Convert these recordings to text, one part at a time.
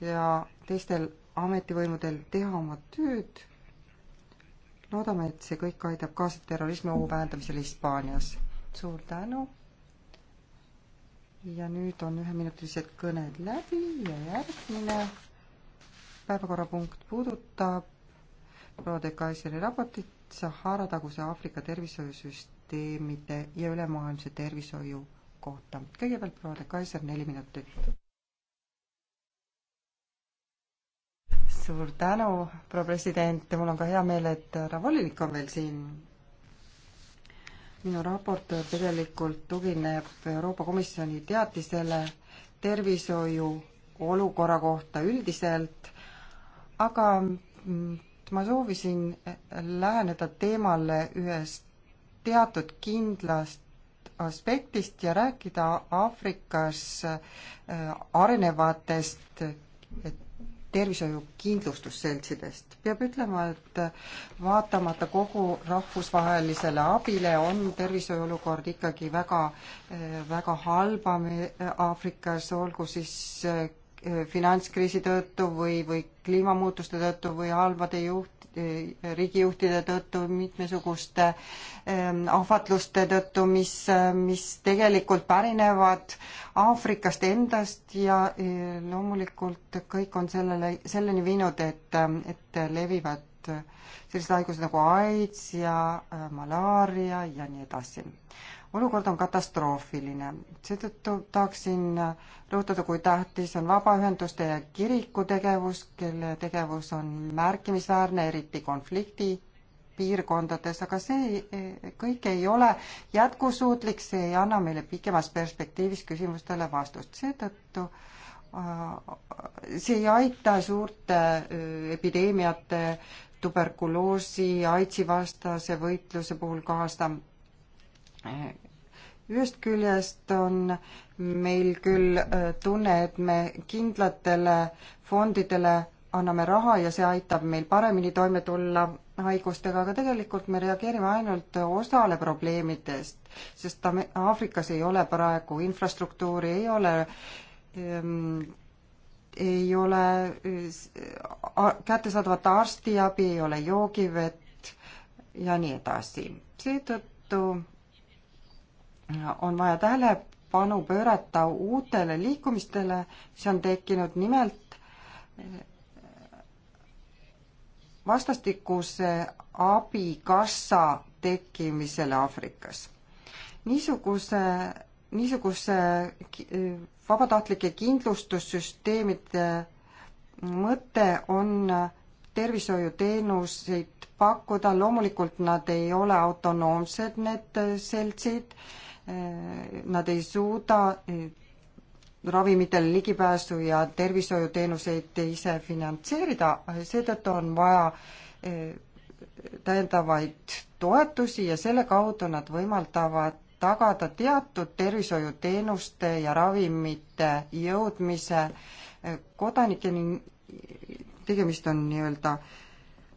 ja teistel ametivõimudel teha oma tööd. loodame, et see kõik aitab kaasa terrorismi ohu vähendamisele Hispaanias. suur tänu. ja nüüd on üheminutilised kõned läbi ja järgmine päevakorrapunkt puudutab proua de Kaiseri raportit Sahara taguse Aafrika tervishoiusüsteemide ja ülemaailmse tervishoiu kohta. kõigepealt proua de Kaiser, neli minutit. suur tänu, proua president, mul on ka hea meel, et härra volinik on veel siin. minu raport tegelikult tugineb Euroopa Komisjoni teatisele tervishoiu olukorra kohta üldiselt, aga ma soovisin läheneda teemale ühest teatud kindlast aspektist ja rääkida Aafrikas äh, arenevatest tervishoiukindlustusseltsidest. peab ütlema, et vaatamata kogu rahvusvahelisele abile on tervishoiu olukord ikkagi väga, eh, väga halba Aafrikas, olgu siis eh, finantskriisi tõttu või, või kliimamuutuste tõttu või halbade juht-, Äh, riigijuhtide tõttu, mitmesuguste ähm, ahvatluste tõttu, mis, äh, mis tegelikult pärinevad Aafrikast endast ja äh, loomulikult kõik on sellele, selleni viinud, et, ähm, et levivad sellised haigused nagu AIDS ja malaaria ja nii edasi olukord on katastroofiline. seetõttu tahaksin rõhutada, kui tähtis on vabaühenduste ja kiriku tegevus, kelle tegevus on märkimisväärne, eriti konflikti piirkondades, aga see kõik ei ole jätkusuutlik, see ei anna meile pikemas perspektiivis küsimustele vastust, seetõttu äh, see ei aita suurte äh, epideemiate, tuberkuloosi, AIDSi vastase võitluse puhul kaasa ühest küljest on meil küll äh, tunne, et me kindlatele fondidele anname raha ja see aitab meil paremini toime tulla haigustega, aga tegelikult me reageerime ainult osale probleemidest, sest Aafrikas ei ole praegu infrastruktuuri, ei ole ähm, ei ole äh, kättesaadavat arstiabi, ei ole joogivett ja nii edasi. seetõttu on vaja tähelepanu pöörata uutele liikumistele, mis on tekkinud nimelt eh, vastastikuse abikassa tekkimisele Aafrikas. niisuguse, niisuguse vabatahtlike kindlustussüsteemide mõte on tervishoiuteenuseid pakkuda, loomulikult nad ei ole autonoomsed, need seltsid, nad ei suuda eh, ravimitele ligipääsu ja tervishoiuteenuseid ise finantseerida, seetõttu on vaja eh, täiendavaid toetusi ja selle kaudu nad võimaldavad tagada teatud tervishoiuteenuste ja ravimite jõudmise eh, kodanikeni. tegemist on nii-öelda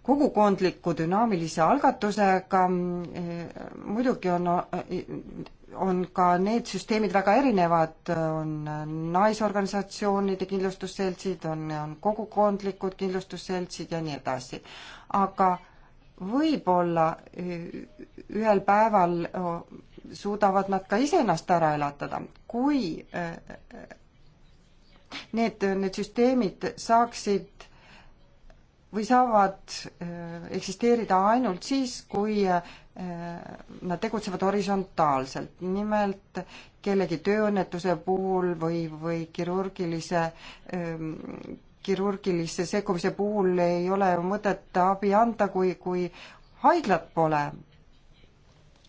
kogukondliku dünaamilise algatusega, muidugi on on ka need süsteemid väga erinevad, on naisorganisatsioonide kindlustusseltsid, on, on kogukondlikud kindlustusseltsid ja nii edasi. aga võib-olla ühel päeval suudavad nad ka iseennast ära elatada, kui e, e, need, need süsteemid saaksid või saavad e, eksisteerida ainult siis, kui nad tegutsevad horisontaalselt, nimelt kellegi tööõnnetuse puhul või, või kirurgilise ähm, kirurgilise sekkumise puhul ei ole mõtet abi anda, kui, kui haiglat pole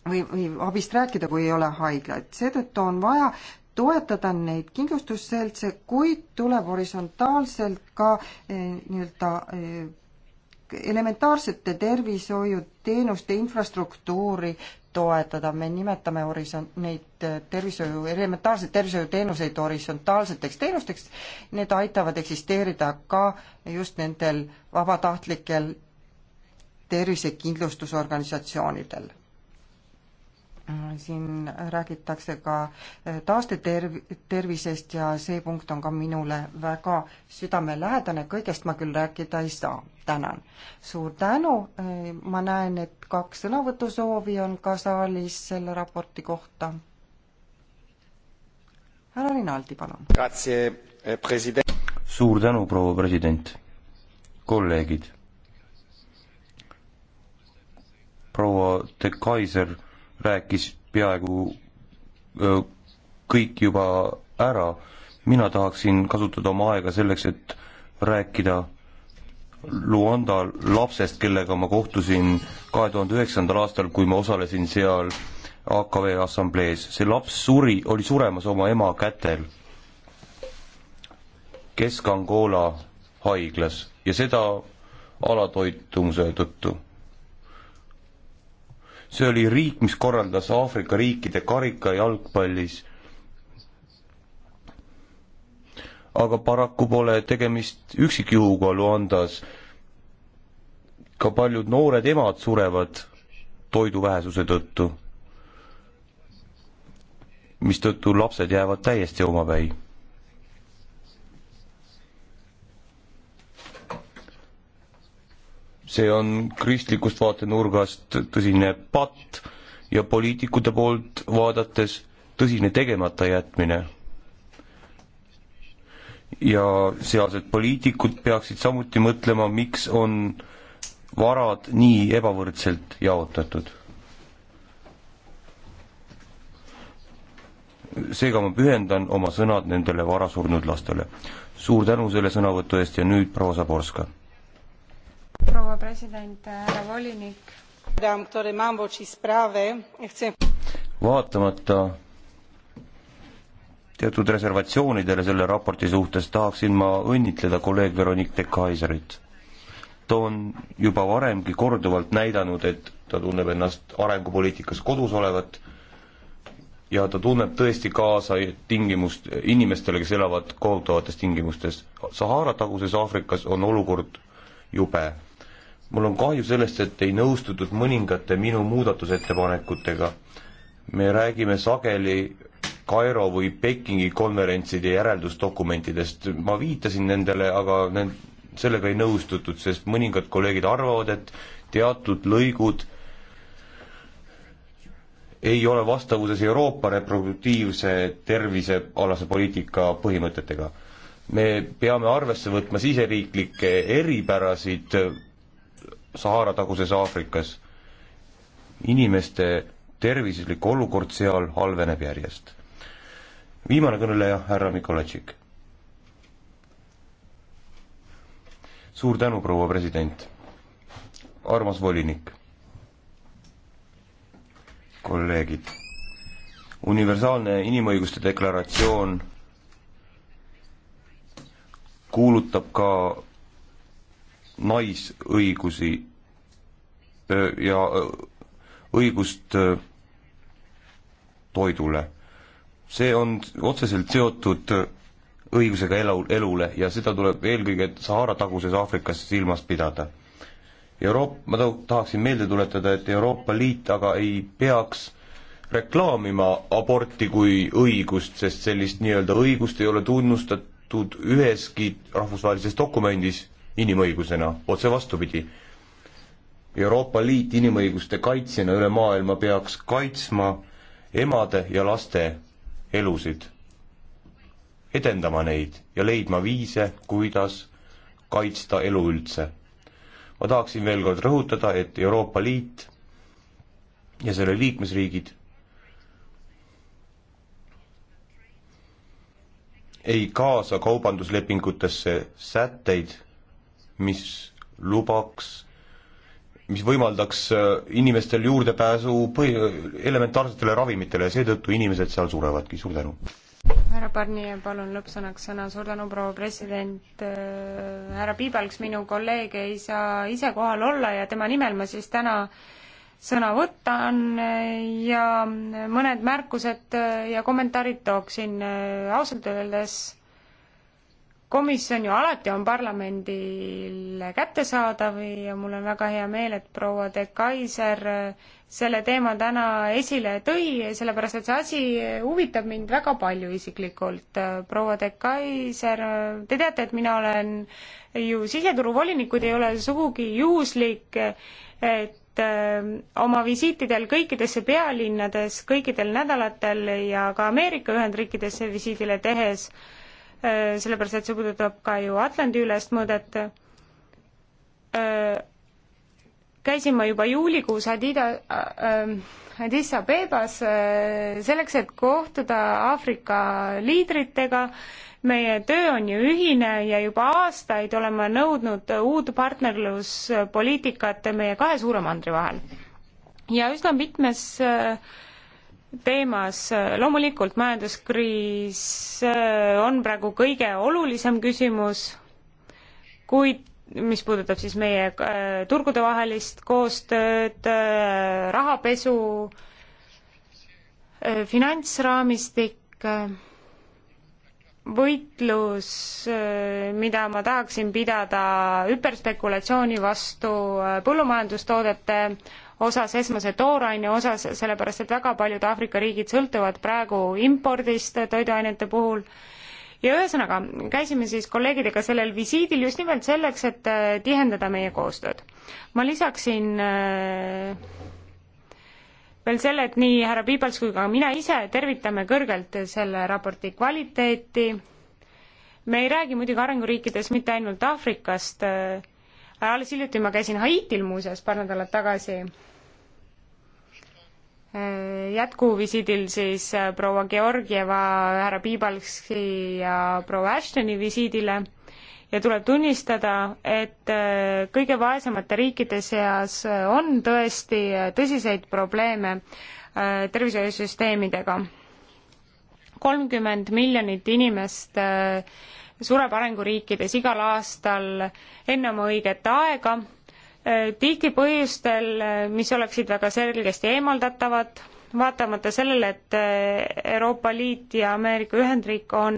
või, või abist rääkida, kui ei ole haiglaid. seetõttu on vaja toetada neid kindlustusseltse, kuid tuleb horisontaalselt ka eh, nii-öelda eh, elementaarsete tervishoiuteenuste infrastruktuuri toetada, me nimetame horisont-, neid tervishoiu, elementaarseid tervishoiuteenuseid horisontaalseteks teenusteks, need aitavad eksisteerida ka just nendel vabatahtlikel tervisekindlustusorganisatsioonidel. Äh, siin räägitakse ka äh, taasteterv-, tervisest ja see punkt on ka minule väga südamelähedane, kõigest ma küll rääkida ei saa. tänan. suur tänu, äh, ma näen, et kaks sõnavõtusoovi on ka saalis selle raporti kohta. härra Rinaldi, palun. Eh, suur tänu, proua president. kolleegid. proua de Kaiser rääkis peaaegu kõik juba ära. mina tahaksin kasutada oma aega selleks, et rääkida Luanda lapsest, kellega ma kohtusin kahe tuhande üheksandal aastal, kui ma osalesin seal AKV assamblees. see laps suri, oli suremas oma ema kätel Kesk-Angola haiglas ja seda alatoitumuse tõttu see oli riik, mis korraldas Aafrika riikide karika jalgpallis. aga paraku pole tegemist üksikjuhuga Luandas. ka paljud noored emad surevad toiduvähesuse tõttu, mistõttu lapsed jäävad täiesti omapäi see on kristlikust vaatenurgast tõsine patt ja poliitikute poolt vaadates tõsine tegematajätmine. ja sealsed poliitikud peaksid samuti mõtlema, miks on varad nii ebavõrdselt jaotatud. seega ma pühendan oma sõnad nendele varasurnud lastele. suur tänu selle sõnavõtu eest ja nüüd proua Zaborska proua president, härra volinik. vaatamata teatud reservatsioonidele selle raporti suhtes tahaksin ma õnnitleda kolleeg Veronique de Kaiserit. ta on juba varemgi korduvalt näidanud, et ta tunneb ennast arengupoliitikas kodus olevat ja ta tunneb tõesti kaasa tingimust, inimestele, kes elavad kohutavates tingimustes. Sahara taguses Aafrikas on olukord jube mul on kahju sellest, et ei nõustutud mõningate minu muudatusettepanekutega. me räägime sageli Kairo või Pekingi konverentside järeldusdokumentidest, ma viitasin nendele, aga need, sellega ei nõustutud, sest mõningad kolleegid arvavad, et teatud lõigud ei ole vastavuses Euroopa reproduktiivse tervisealase poliitika põhimõtetega. me peame arvesse võtma siseriiklikke eripärasid Sahara taguses Aafrikas. inimeste tervislik olukord seal halveneb järjest. viimane kõneleja, härra Mikolatšik. suur tänu, proua president. armas volinik. kolleegid. universaalne inimõiguste deklaratsioon kuulutab ka naisõigusi ja õigust toidule. see on otseselt seotud õigusega elu, elule ja seda tuleb eelkõige Sahara taguses Aafrikas silmas pidada. Euroop-, ma tahaksin meelde tuletada, et Euroopa Liit aga ei peaks reklaamima aborti kui õigust, sest sellist nii-öelda õigust ei ole tunnustatud üheski rahvusvahelises dokumendis inimõigusena, otse vastupidi. Euroopa Liit inimõiguste kaitsjana üle maailma peaks kaitsma emade ja laste elusid, edendama neid ja leidma viise, kuidas kaitsta elu üldse. ma tahaksin veel kord rõhutada, et Euroopa Liit ja selle liikmesriigid ei kaasa kaubanduslepingutesse sätteid, mis lubaks, mis võimaldaks äh, inimestel juurdepääsu põhi, elementaarsetele ravimitele ja seetõttu inimesed seal surevadki, suur tänu. härra Barnier, palun lõppsõnaks sõna, suur tänu, proua president, äh, härra Piibalks, minu kolleeg ei saa ise kohal olla ja tema nimel ma siis täna sõna võtan äh, ja mõned märkused ja kommentaarid tooksin ausalt öeldes komisjon ju alati on parlamendile kättesaadav ja mul on väga hea meel, et proua de Kaiser selle teema täna esile tõi, sellepärast et see asi huvitab mind väga palju isiklikult. proua de Kaiser, te teate, et mina olen ju siseturuvolinik, kuid ei ole sugugi juhuslik, et äh, oma visiitidel kõikidesse pealinnades kõikidel nädalatel ja ka Ameerika Ühendriikidesse visiidile tehes äh, Äh, sellepärast et see puudutab ka ju Atlandi-ülest mõõdet. Äh, käisin ma juba juulikuus Adida- äh,, Addis Abebas äh, selleks, et kohtuda Aafrika liidritega. meie töö on ju ühine ja juba aastaid oleme nõudnud uut partnerluspoliitikat meie kahe suure mandri vahel. ja üsna mitmes äh, teemas. loomulikult majanduskriis äh, on praegu kõige olulisem küsimus, kuid mis puudutab siis meie äh, turgudevahelist koostööd äh,, rahapesu äh,, finantsraamistik äh,, võitlus, äh, mida ma tahaksin pidada hüperspekulatsiooni vastu äh, põllumajandustoodete osas, esmase tooraine osas, sellepärast et väga paljud Aafrika riigid sõltuvad praegu impordist toiduainete puhul. ja ühesõnaga, käisime siis kolleegidega sellel visiidil just nimelt selleks, et äh, tihendada meie koostööd. ma lisaksin äh, veel selle, et nii härra Piibals kui ka mina ise tervitame kõrgelt selle raporti kvaliteeti. me ei räägi muidugi arenguriikides mitte ainult Aafrikast, alles hiljuti ma käisin Haitil muuseas paar nädalat tagasi jätkuvisiidil siis proua Georgieva, härra Piibalski ja proua Ashtoni visiidile ja tuleb tunnistada, et äh, kõige vaesemate riikide seas äh, on tõesti äh, tõsiseid probleeme tervishoiusüsteemidega. kolmkümmend miljonit inimest sureb arenguriikides igal aastal enne oma õiget aega, tihti põhjustel, mis oleksid väga selgesti eemaldatavad vaatamata sellele, et eh, Euroopa Liit ja Ameerika Ühendriik on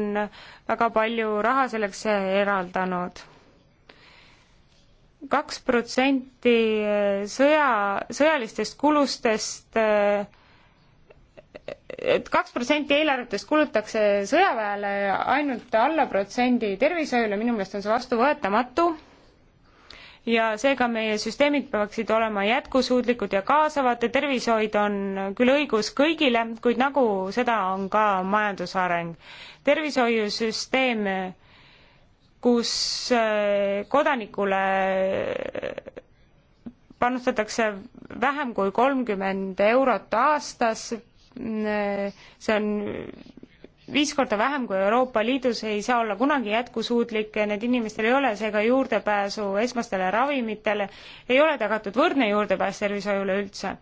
väga palju raha selleks eraldanud. kaks protsenti eh, sõja, sõjalistest kulustest eh, et kaks protsenti eelarvetest kulutakse sõjaväele ja ainult alla protsendi tervishoiule, minu meelest on see vastuvõetamatu ja seega meie süsteemid peaksid olema jätkusuutlikud ja kaasavad ja tervishoid on küll õigus kõigile, kuid nagu seda on ka majandusareng. tervishoiusüsteem, kus äh, kodanikule panustatakse vähem kui kolmkümmend eurot aastas, mm, äh, see on viis korda vähem kui Euroopa Liidus ei saa olla kunagi jätkusuutlik, need inimestel ei ole seega juurdepääsu esmastele ravimitele, ei ole tagatud võrdne juurdepääs tervishoiule üldse.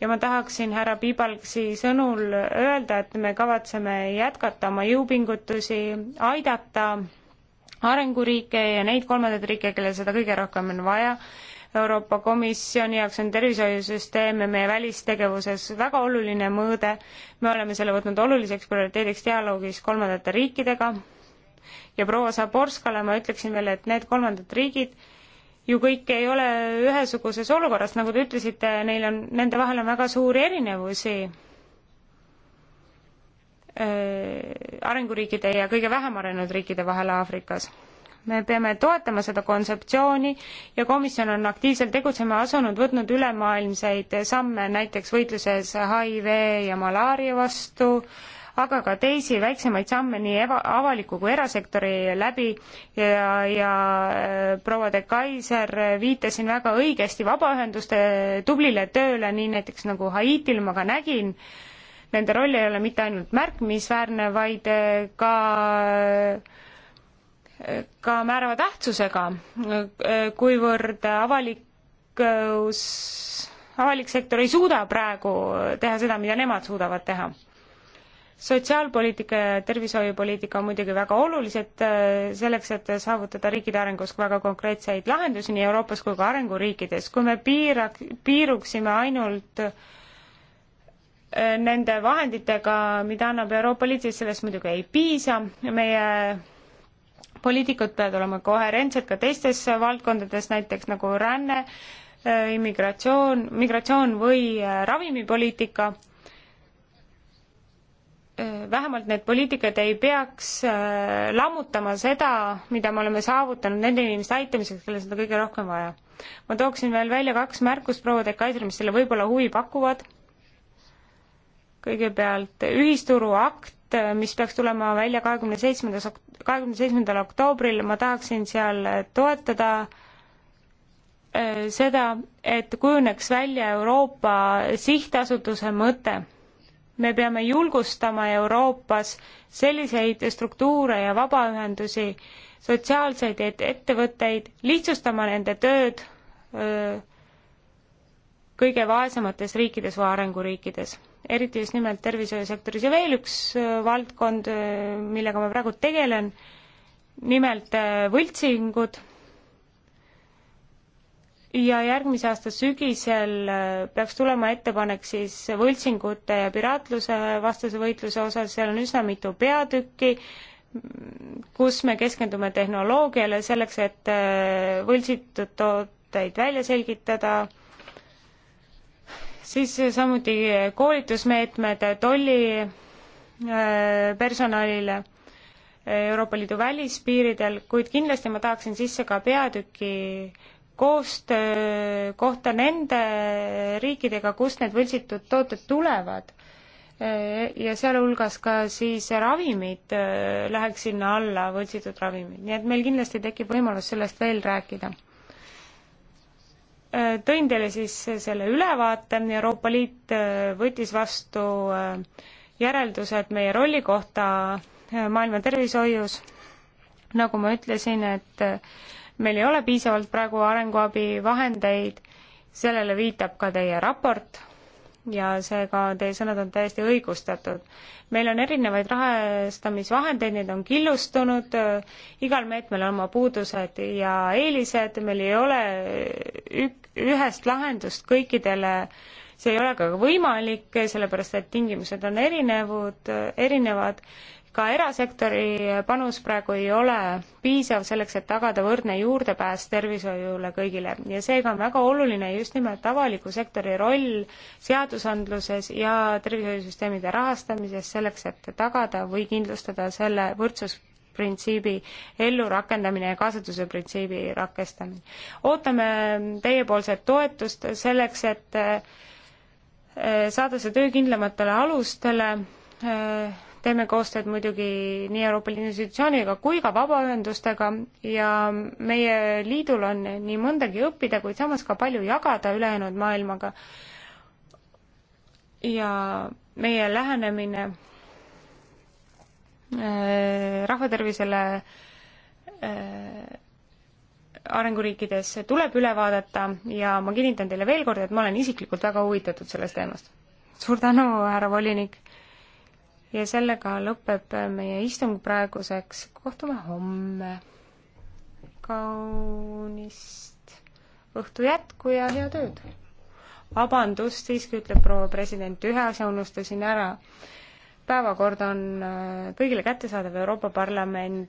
ja ma tahaksin härra Piibalksi sõnul öelda, et me kavatseme jätkata oma jõupingutusi, aidata arenguriike ja neid kolmandaid riike, kellel seda kõige rohkem on vaja Euroopa Komisjoni jaoks on tervishoiusüsteem ja meie välistegevuses väga oluline mõõde. me oleme selle võtnud oluliseks prioriteediks dialoogis kolmandate riikidega ja proua Zaborskale ma ütleksin veel, et need kolmandad riigid ju kõik ei ole ühesuguses olukorras, nagu te ütlesite, neil on, nende vahel on väga suuri erinevusi äh, arenguriikide ja kõige vähem arenenud riikide vahel Aafrikas me peame toetama seda kontseptsiooni ja komisjon on aktiivselt tegutsema asunud, võtnud ülemaailmseid samme näiteks võitluses HIV ja malaaria vastu, aga ka teisi väiksemaid samme nii eva-, avaliku kui erasektori läbi ja, ja äh, proua de Kaiser viitas siin väga õigesti vabaühenduste tublile tööle, nii näiteks nagu Haitil ma ka nägin, nende roll ei ole mitte ainult märkimisväärne, vaid äh, ka ka määrava tähtsusega, kuivõrd avalikus, avalik sektor ei suuda praegu teha seda, mida nemad suudavad teha. sotsiaalpoliitika ja tervishoiupoliitika on muidugi väga olulised selleks, et saavutada riikide arengus väga konkreetseid lahendusi nii Euroopas kui ka arenguriikides. kui me piira, piiruksime ainult nende vahenditega, mida annab Euroopa Liit, siis sellest muidugi ei piisa. meie poliitikud peavad olema koherentsed ka teistes valdkondades, näiteks nagu ränne, äh, immigratsioon, migratsioon või äh, ravimipoliitika. Äh, vähemalt need poliitikad ei peaks lammutama seda, mida me oleme saavutanud nende inimeste aitamiseks, kellel seda kõige rohkem vaja. ma tooksin veel välja kaks märkust proua de Kaiser, mis selle võib-olla huvi pakuvad kõigepealt ühisturuakt, mis peaks tulema välja kahekümne seitsmendas, kahekümne seitsmendal oktoobril, ma tahaksin seal toetada äh, seda, et kujuneks välja Euroopa sihtasutuse mõte. me peame julgustama Euroopas selliseid struktuure ja vabaühendusi, sotsiaalseid ettevõtteid, lihtsustama nende tööd öö, äh, kõige vaesemates riikides või arenguriikides, eriti just nimelt tervishoiusektoris ja veel üks äh, valdkond, äh, millega ma praegu tegelen, nimelt äh, võltsingud ja järgmise aasta sügisel peaks tulema ettepanek siis võltsingute ja piraatluse vastase võitluse osas, seal on üsna mitu peatükki, kus me keskendume tehnoloogiale selleks, et võltsitud tooteid välja selgitada, siis samuti koolitusmeetmed tolli äh, personalile Euroopa Liidu välispiiridel, kuid kindlasti ma tahaksin sisse ka peatüki koostöö kohta nende riikidega, kust need võltsitud tooted tulevad. Äh, ja sealhulgas ka siis ravimid äh, läheks sinna alla, võltsitud ravimid, nii et meil kindlasti tekib võimalus sellest veel rääkida tõin teile siis selle ülevaate, Euroopa Liit äh, võttis vastu äh, järeldused meie rolli kohta äh, maailma tervishoius. nagu ma ütlesin, et meil ei ole piisavalt praegu arenguabivahendeid, sellele viitab ka teie raport ja seega teie sõnad on täiesti õigustatud. meil on erinevaid rahastamisvahendeid, need on killustunud, igal meetmel on oma puudused ja eelised, meil ei ole ük-, ühest lahendust kõikidele see ei ole ka võimalik, sellepärast et tingimused on erinevud, erinevad ka erasektori panus praegu ei ole piisav selleks, et tagada võrdne juurdepääs tervishoiule kõigile ja seega on väga oluline just nimelt avaliku sektori roll seadusandluses ja tervishoiusüsteemide rahastamises selleks, et tagada või kindlustada selle võrdsus printsiibi ellurakendamine ja kaasatuse printsiibi rakestamine. ootame teiepoolset toetust selleks, et eh, saada see töö kindlamatele alustele eh, teeme koostööd muidugi nii Euroopa Liidu institutsiooniga kui ka vabaühendustega ja meie liidul on nii mõndagi õppida, kuid samas ka palju jagada ülejäänud maailmaga. ja meie lähenemine äh, rahvatervisele äh, arenguriikides tuleb üle vaadata ja ma kinnitan teile veel kord, et ma olen isiklikult väga huvitatud sellest teemast. suur tänu, härra volinik! ja sellega lõpeb meie istung praeguseks, kohtume homme. kaunist õhtu jätku ja head ööd! vabandust, siiski ütleb proua president, ühe asja unustasin ära. päevakord on äh, kõigile kättesaadav Euroopa Parlamendi